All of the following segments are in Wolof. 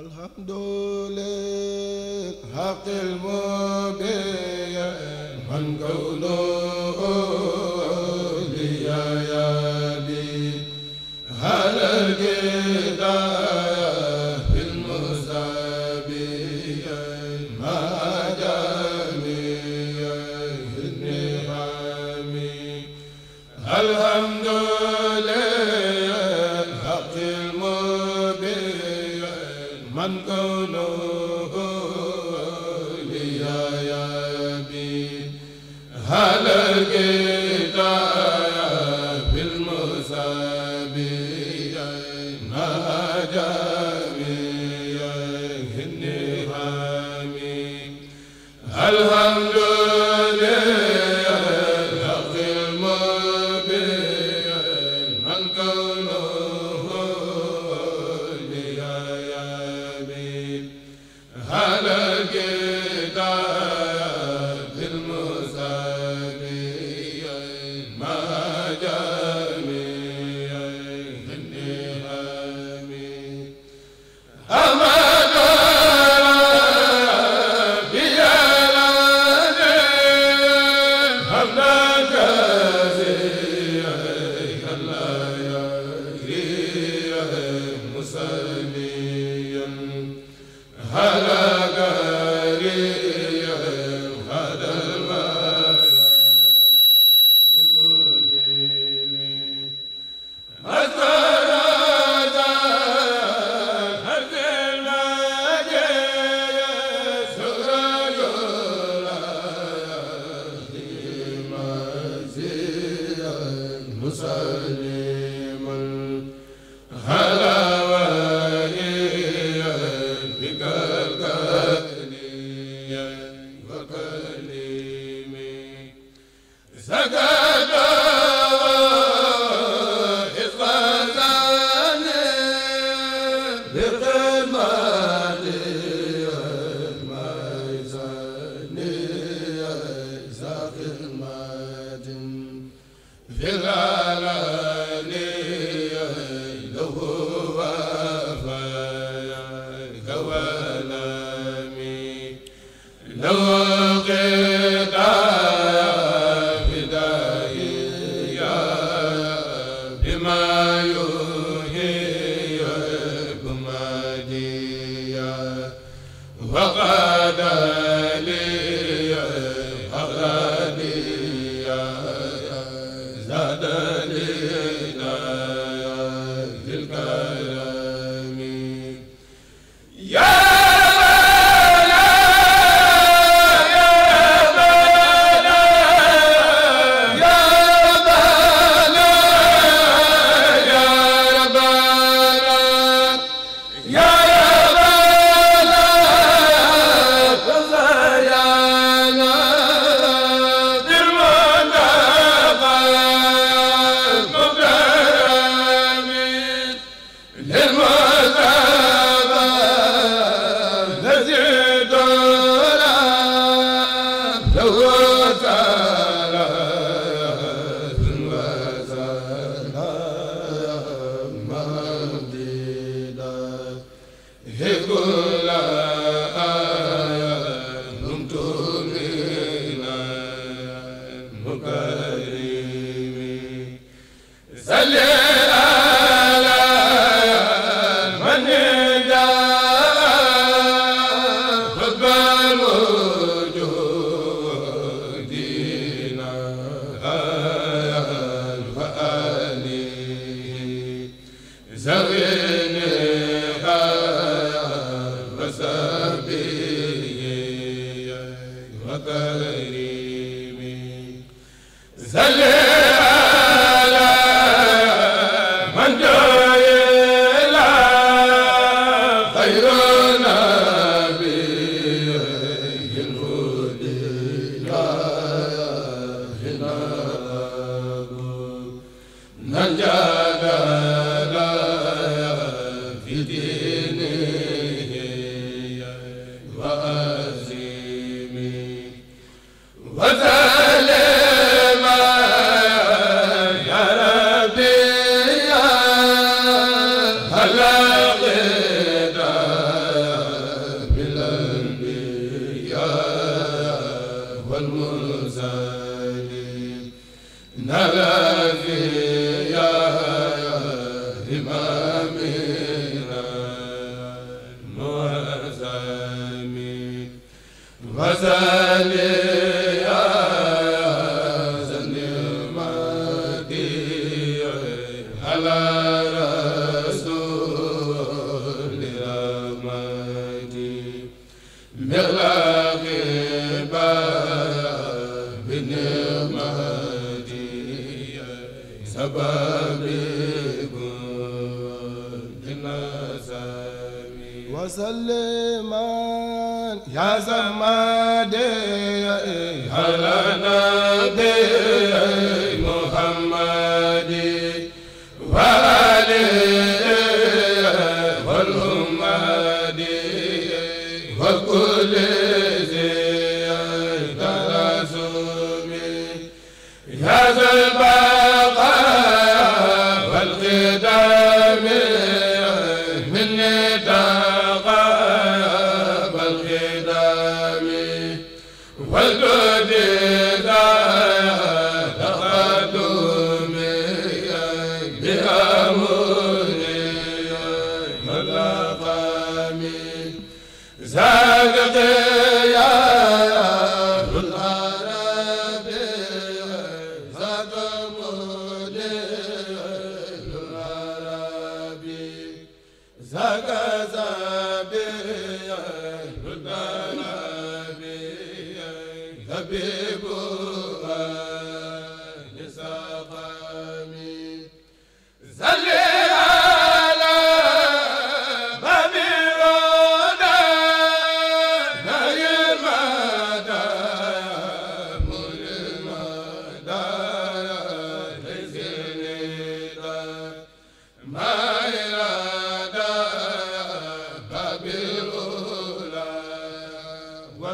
الحمد لله حق المبين من قوله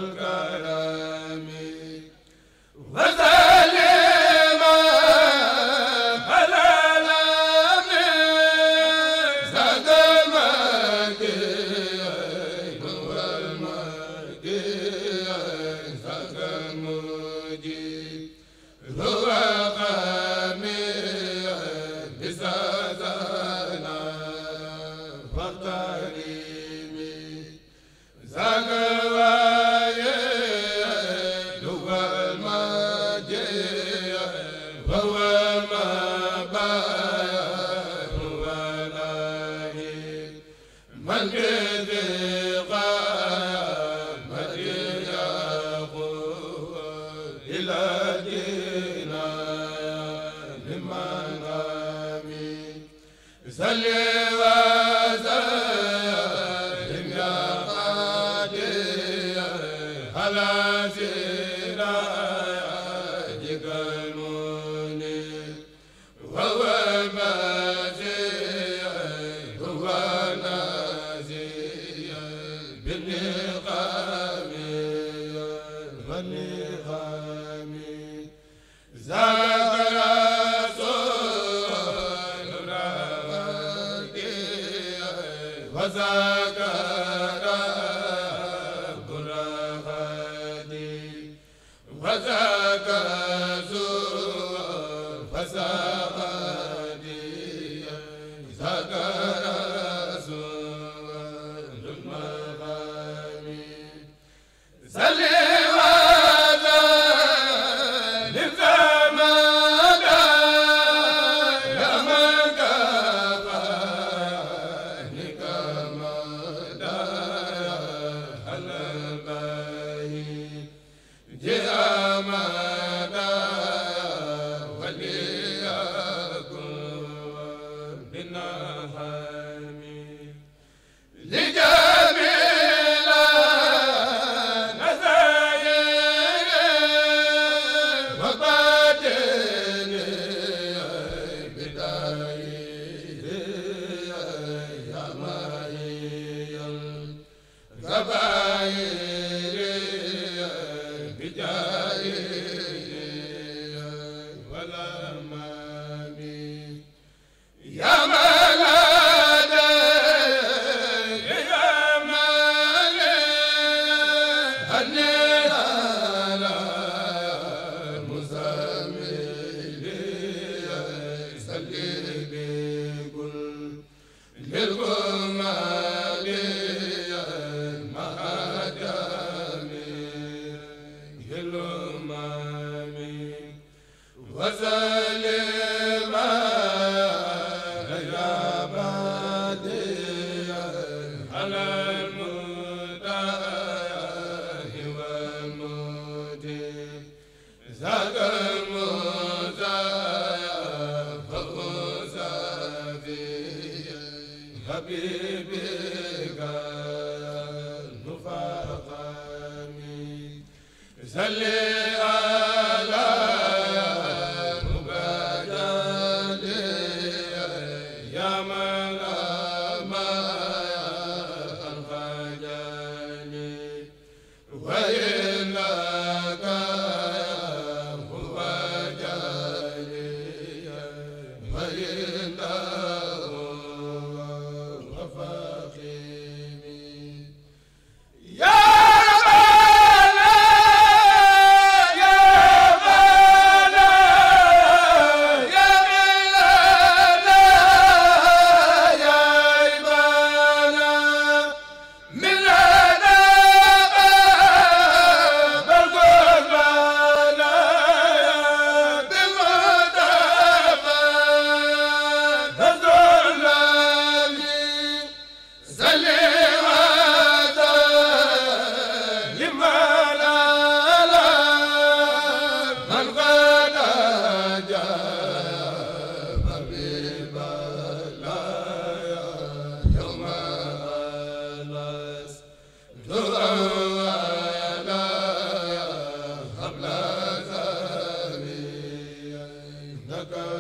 al-karam ak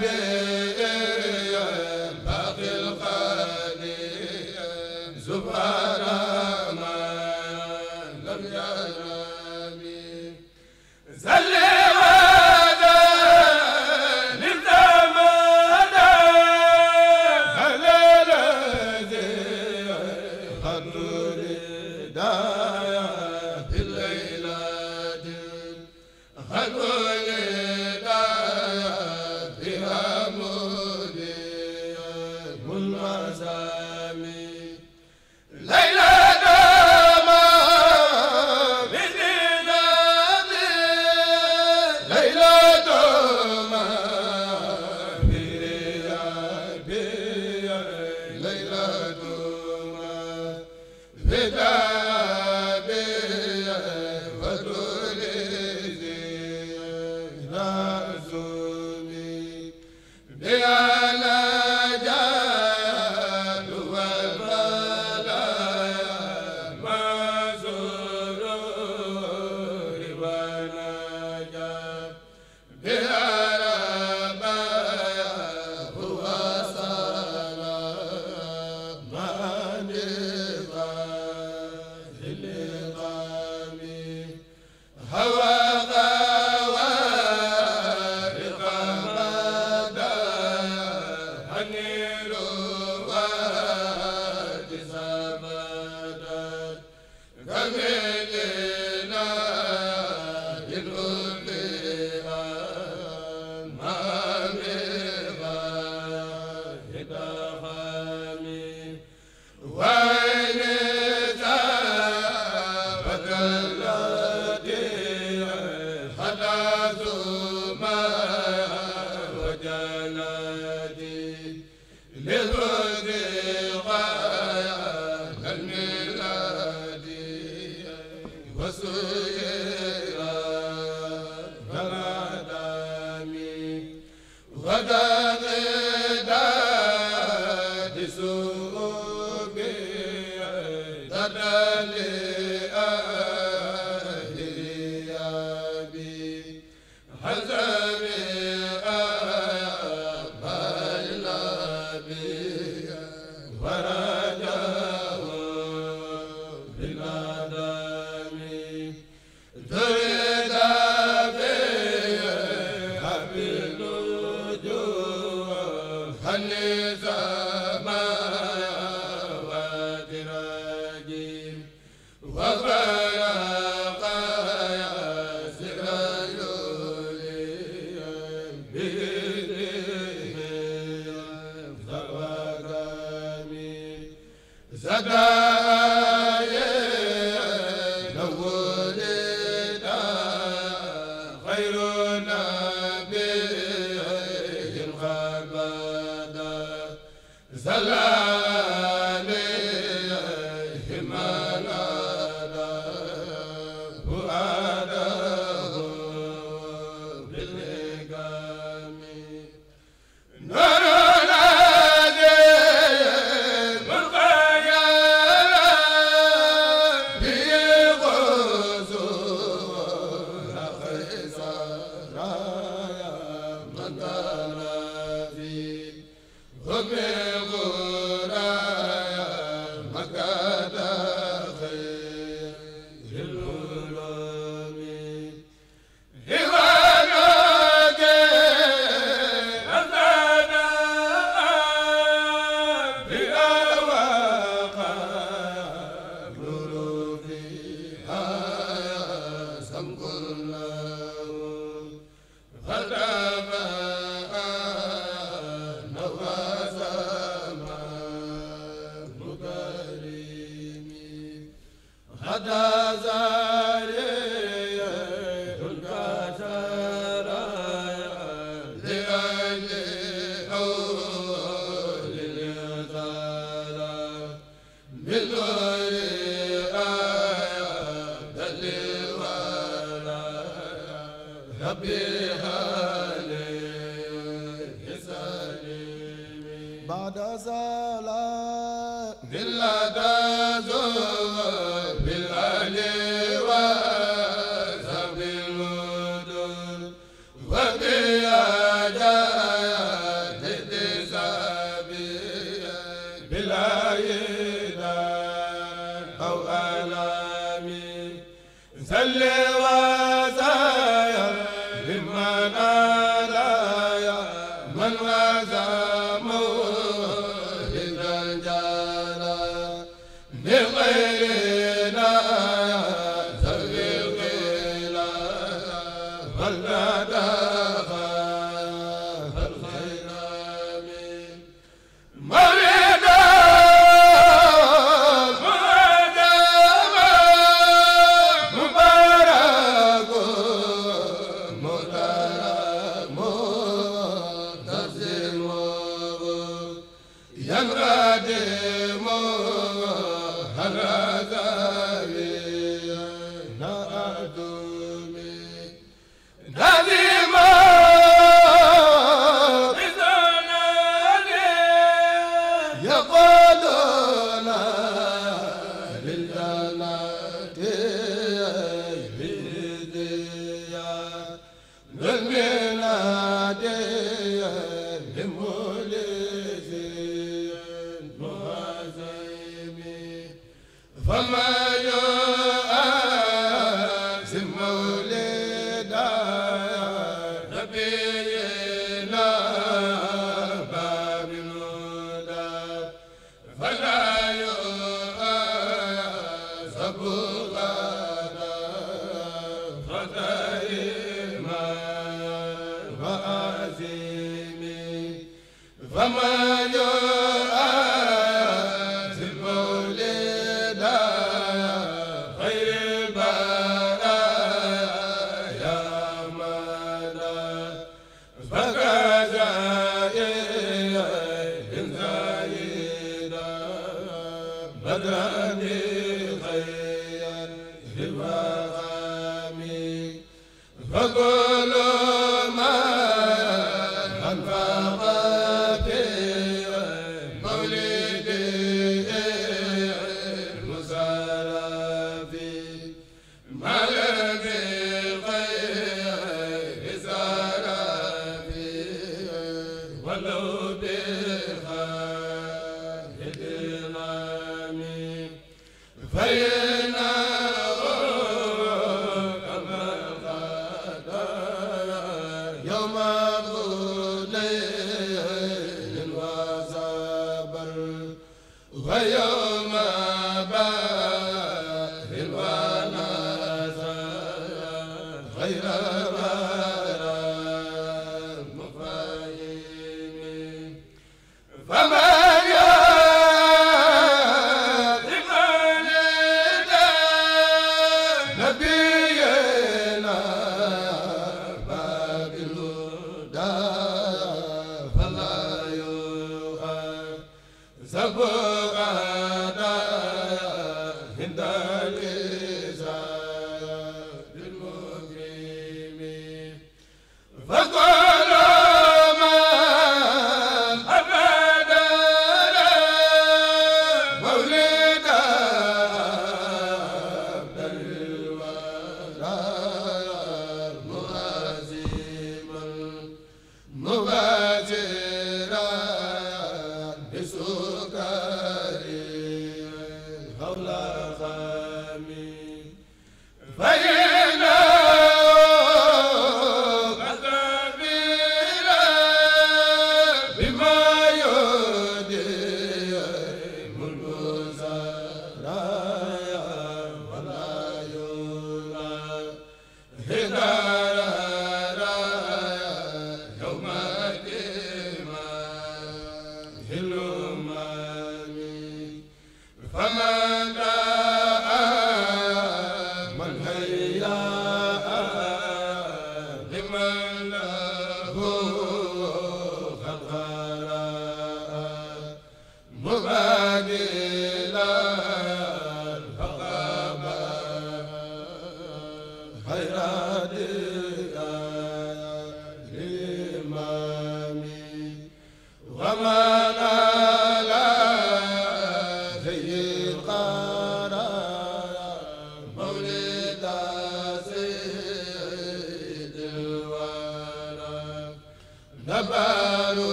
be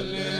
salli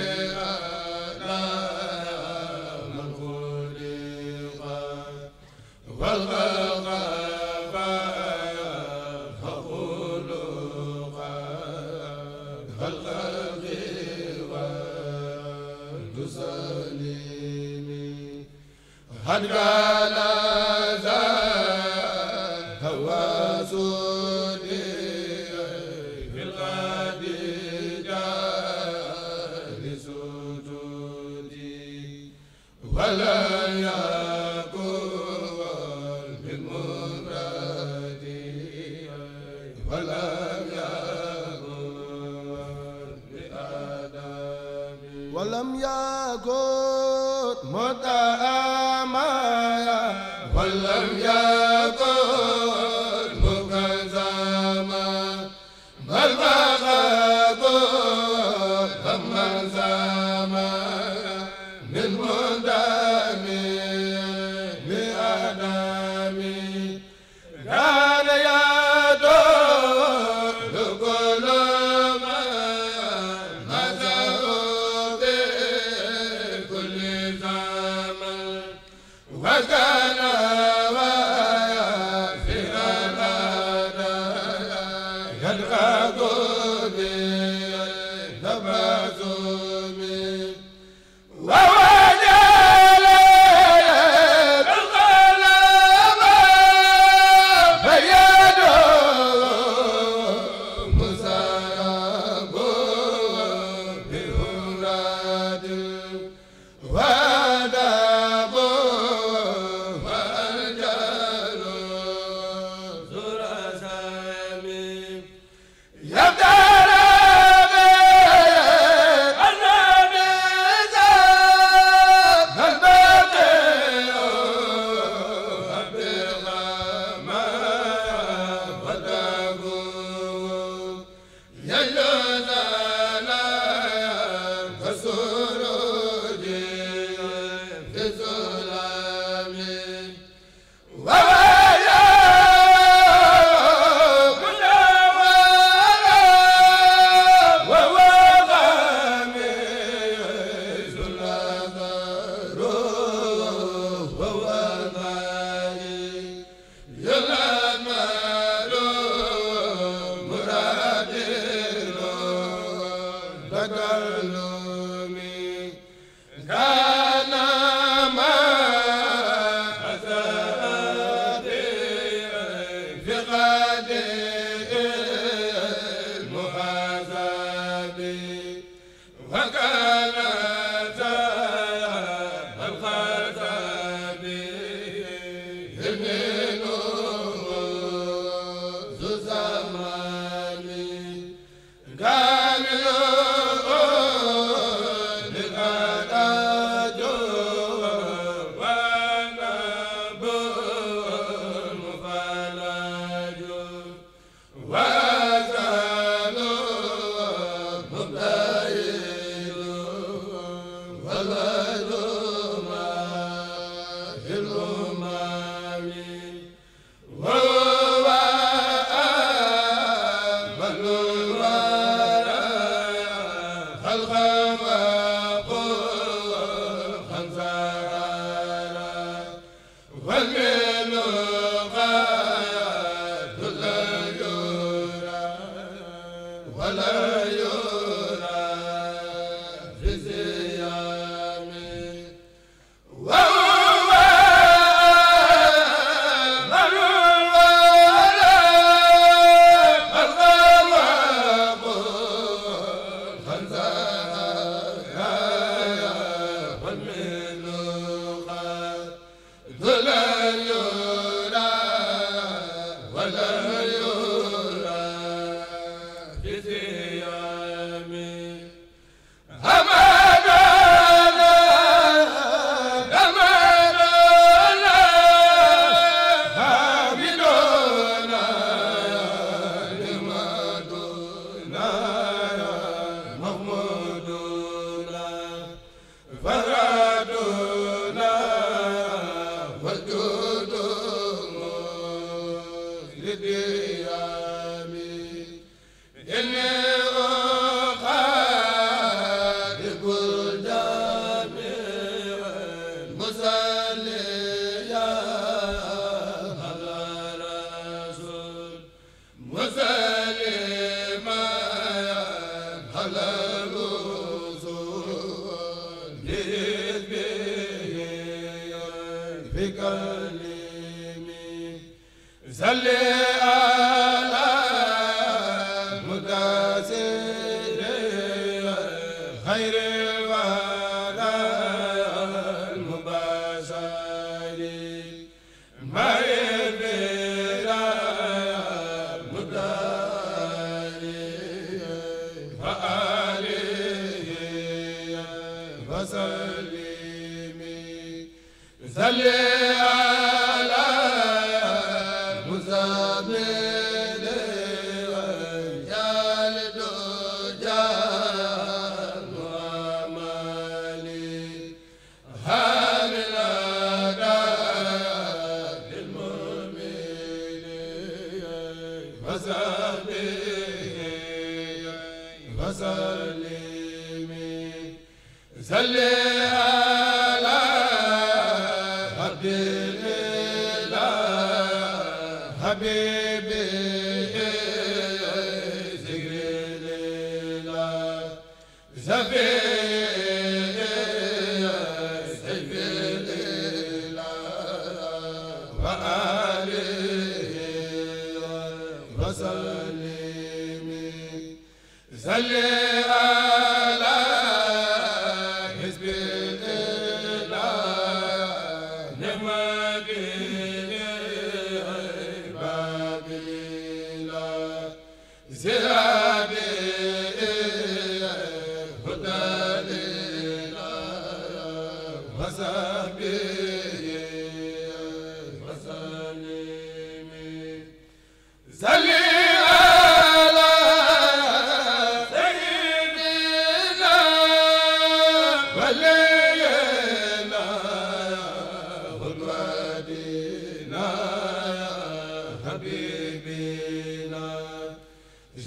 ba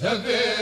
Sabbath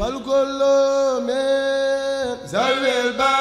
fal kullu min zawil ba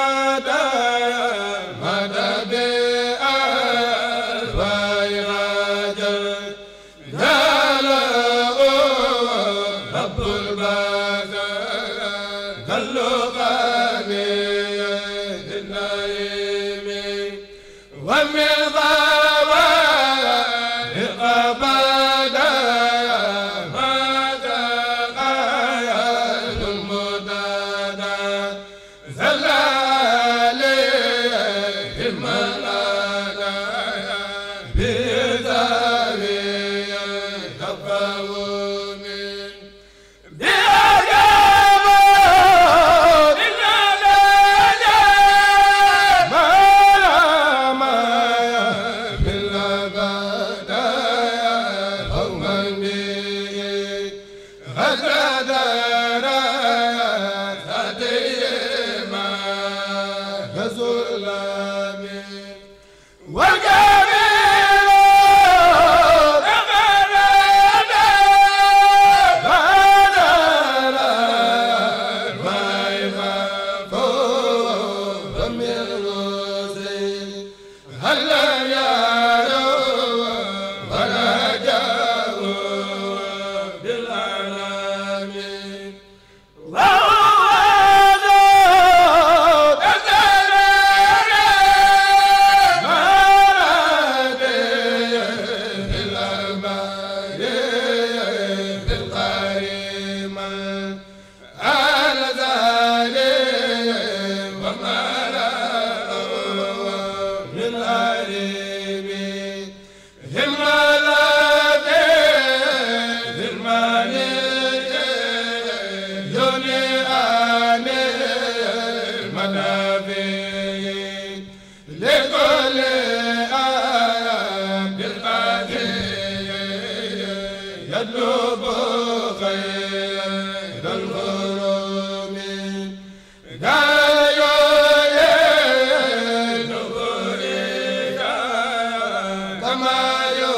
kama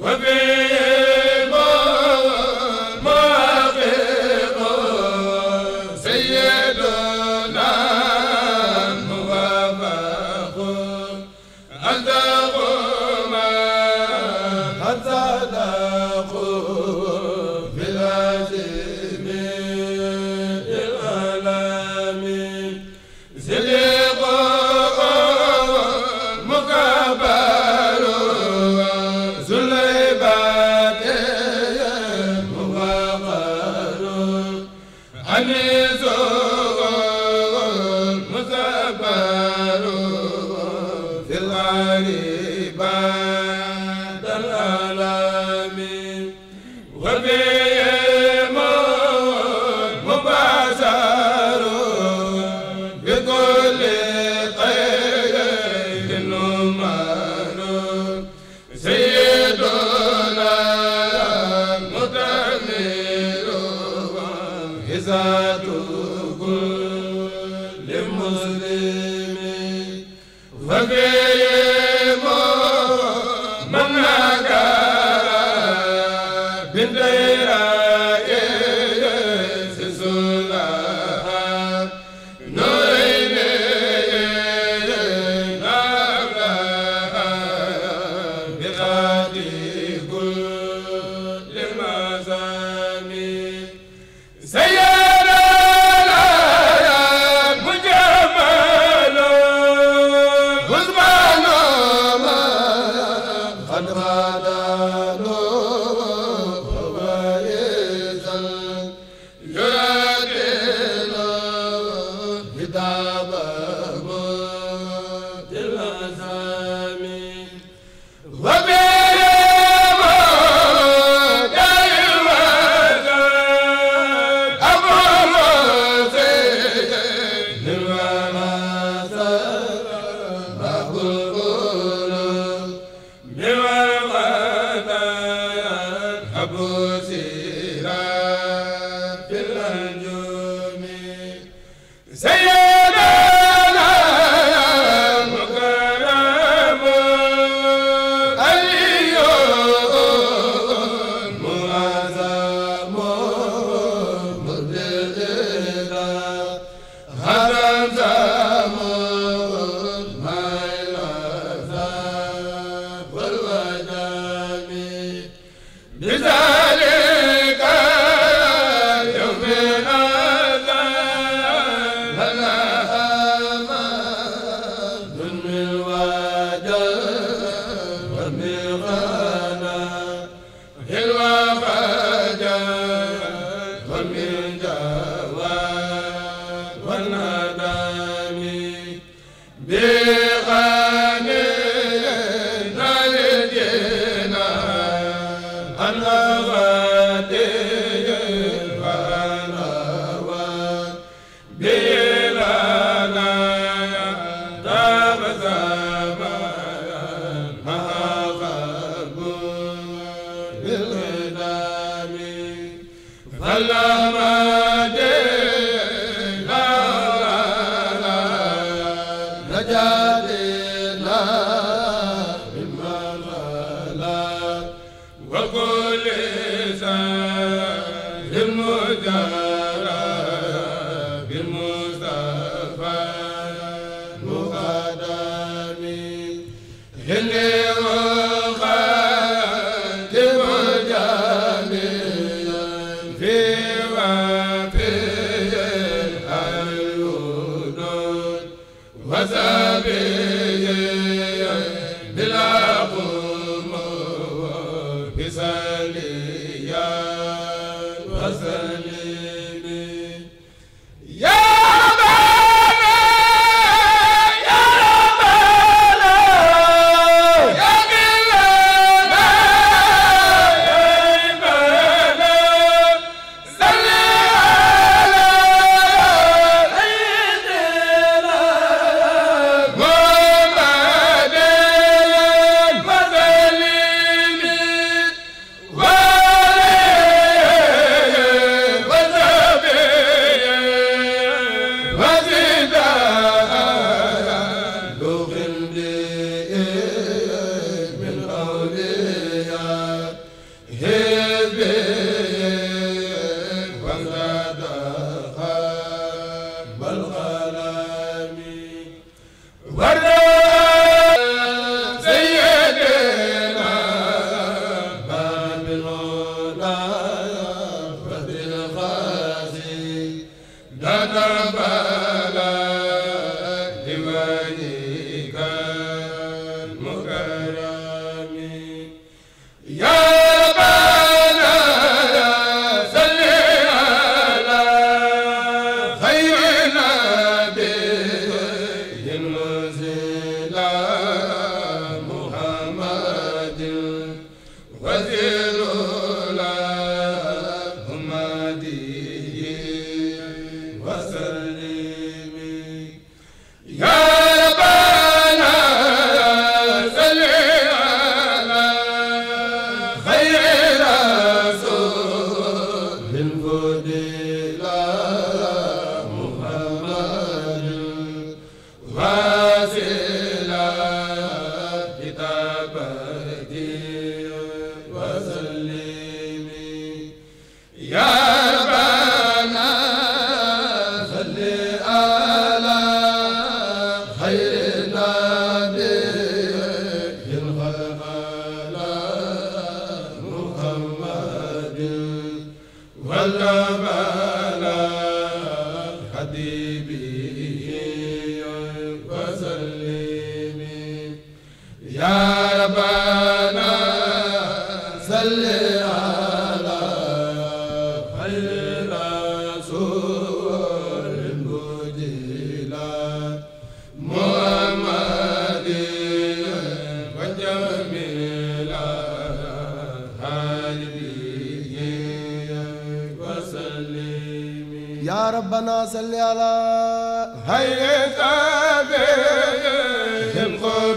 xalfal a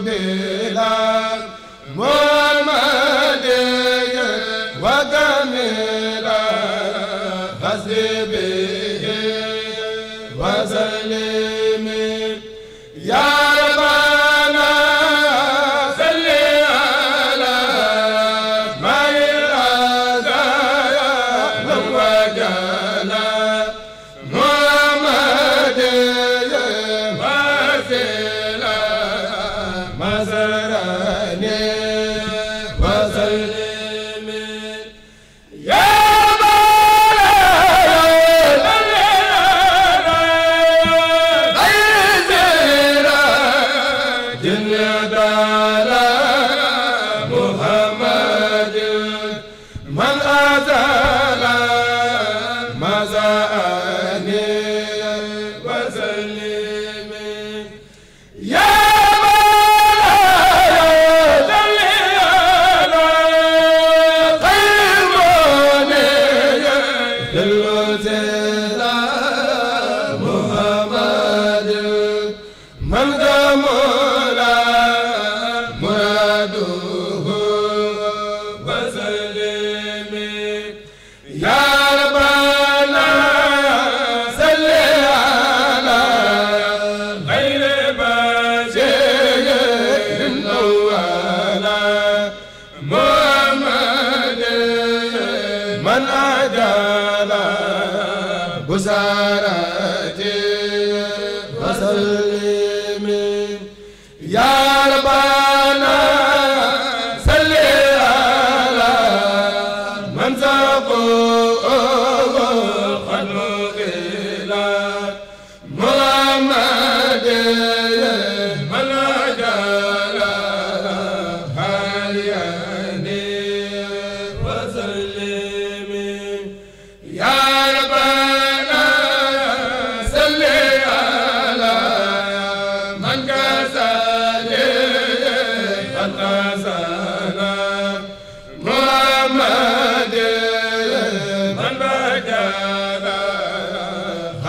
be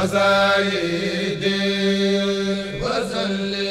xasaayidi wa sallim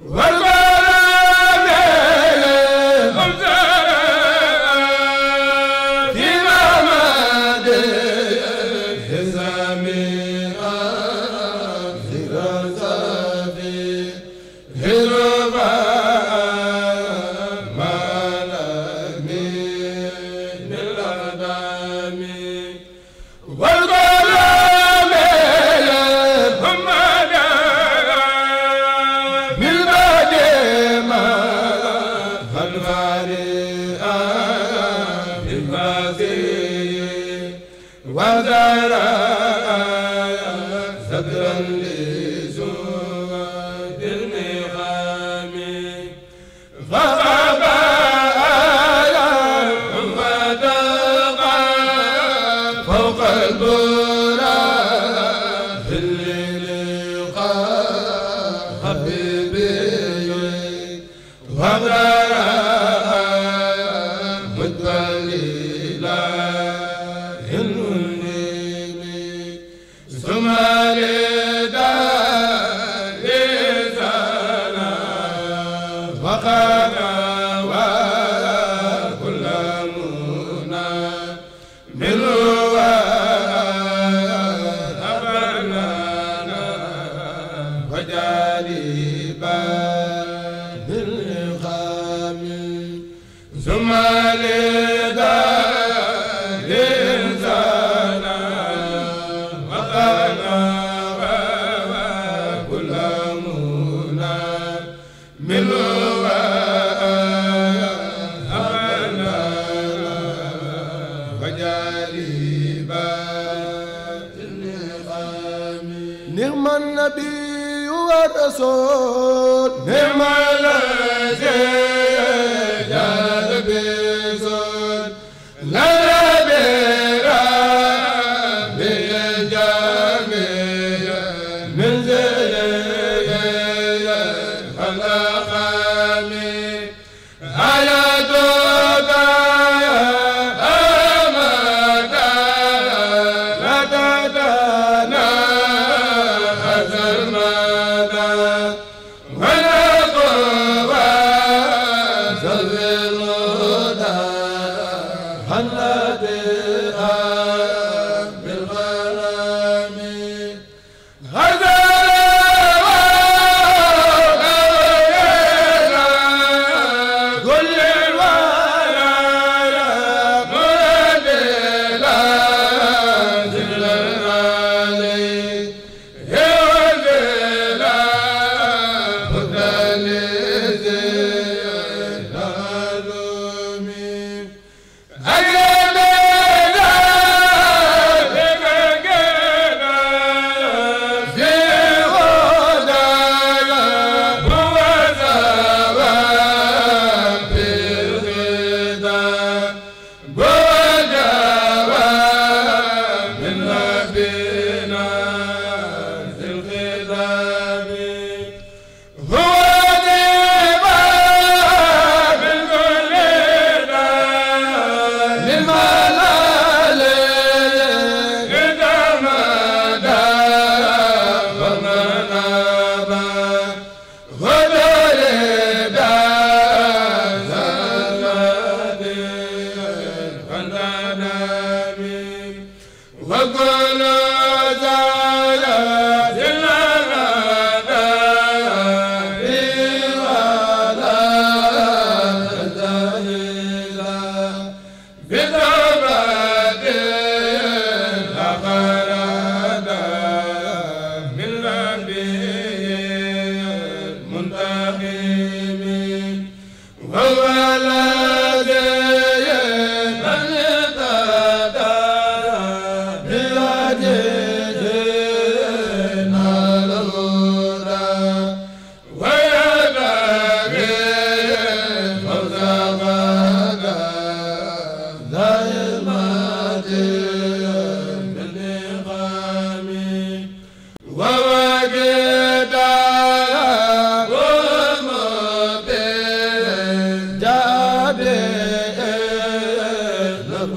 war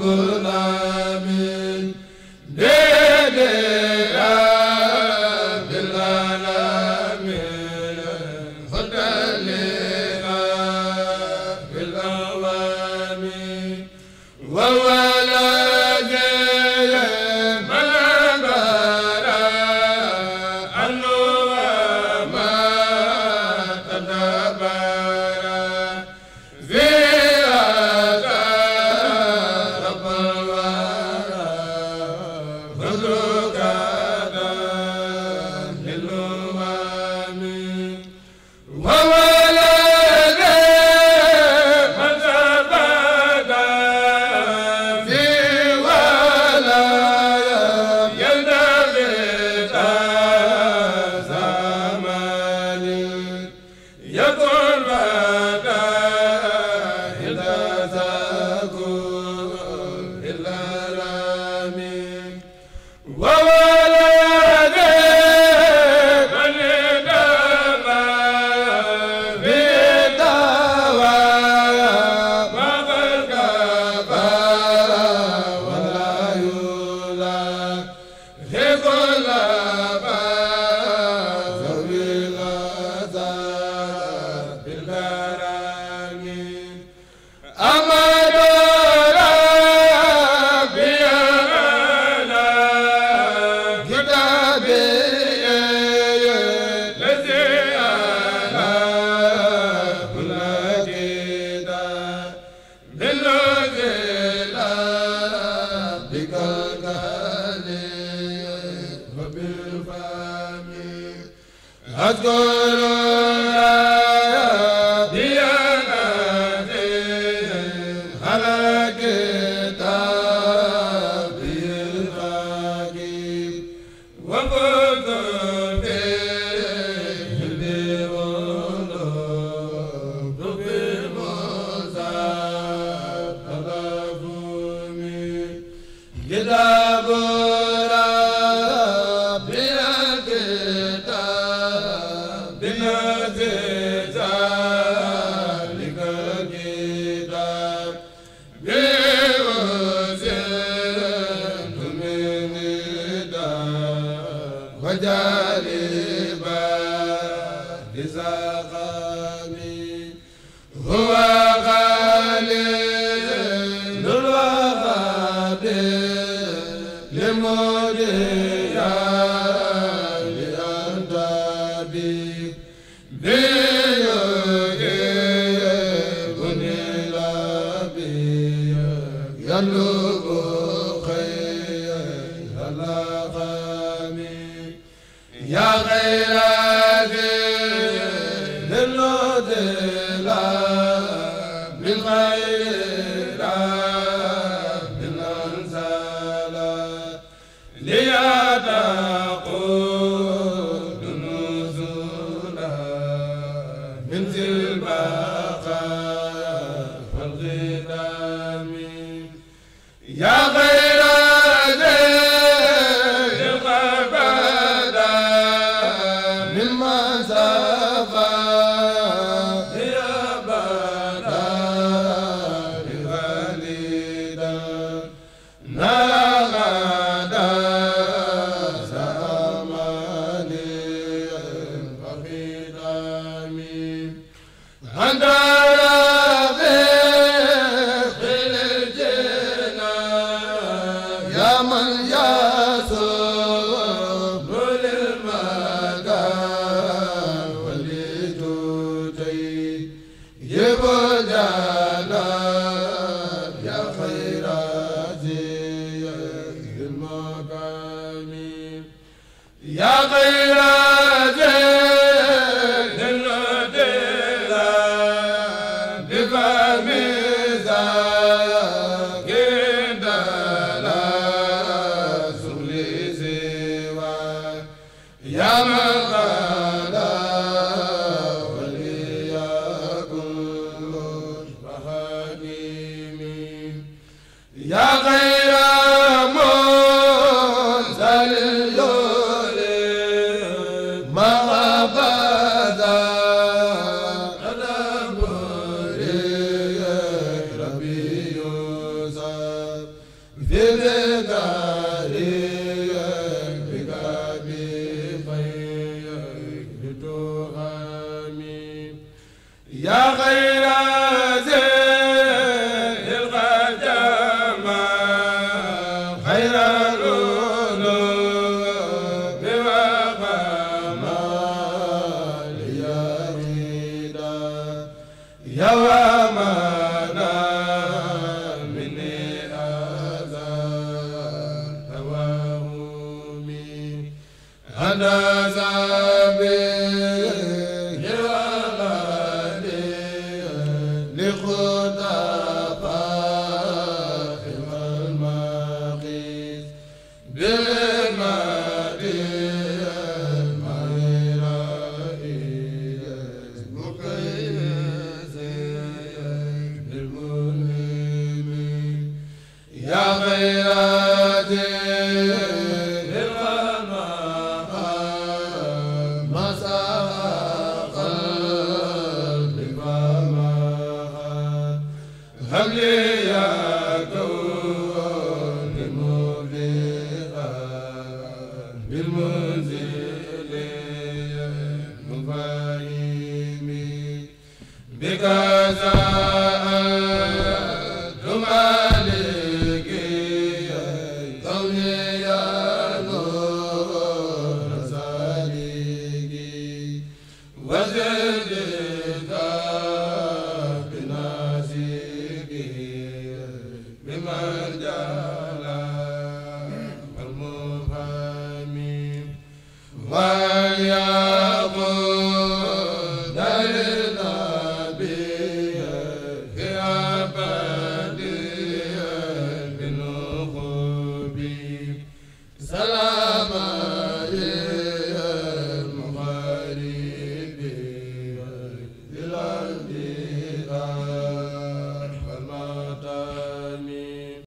Baba